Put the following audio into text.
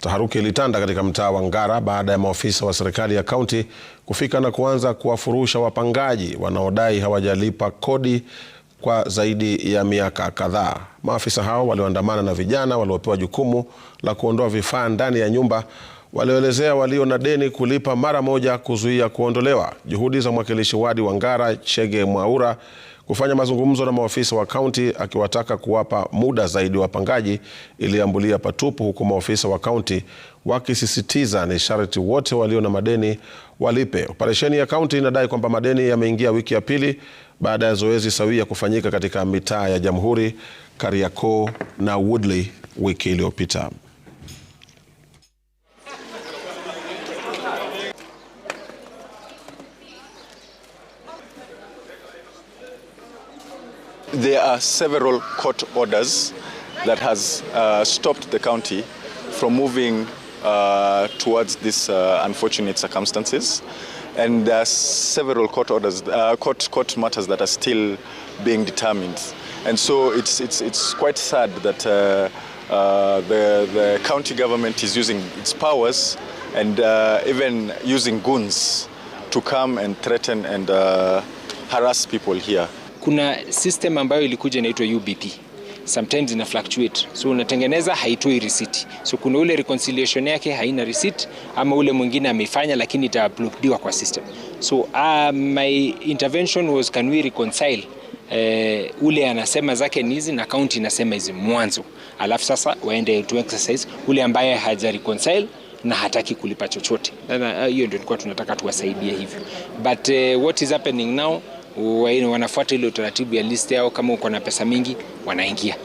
Taharuki ilitanda katika mtaa wa Ngara baada ya maofisa wa serikali ya kaunti kufika na kuanza kuwafurusha wapangaji wanaodai hawajalipa kodi kwa zaidi ya miaka kadhaa. Maafisa hao walioandamana na vijana waliopewa jukumu la kuondoa vifaa ndani ya nyumba walioelezea walio na deni kulipa mara moja kuzuia kuondolewa. Juhudi za mwakilishi wadi wa Ngara Chege Mwaura kufanya mazungumzo na maofisa wa kaunti akiwataka kuwapa muda zaidi wapangaji iliambulia patupu, huku maofisa wa kaunti wakisisitiza ni sharti wote walio na madeni walipe. Operesheni ya kaunti inadai kwamba madeni yameingia wiki ya pili baada ya zoezi sawia kufanyika katika mitaa ya Jamhuri, Kariakoo na Woodley wiki iliyopita. there are several court orders that has uh, stopped the county from moving uh, towards these uh, unfortunate circumstances. And there are several court orders, uh, court, court matters that are still being determined. And so it's, it's, it's quite sad that uh, uh, the, the county government is using its powers and even using goons to come and threaten and harass people here. kuna system ambayo ilikuja inaitwa UBP sometimes ina fluctuate, so unatengeneza haitoi receipt, so kuna ule reconciliation yake haina receipt, ama ule mwingine ameifanya lakini ita uploadiwa kwa system. So uh, my intervention was can we reconcile Uh, ule anasema zake ni hizi na county inasema hizi mwanzo, alafu sasa waende to exercise ule ambaye haja reconcile na hataki kulipa chochote. Hiyo uh, ndio tulikuwa tunataka tuwasaidie hivyo, but uh, what is happening now wanafuata ile utaratibu ya list yao. Kama uko na pesa mingi, wanaingia.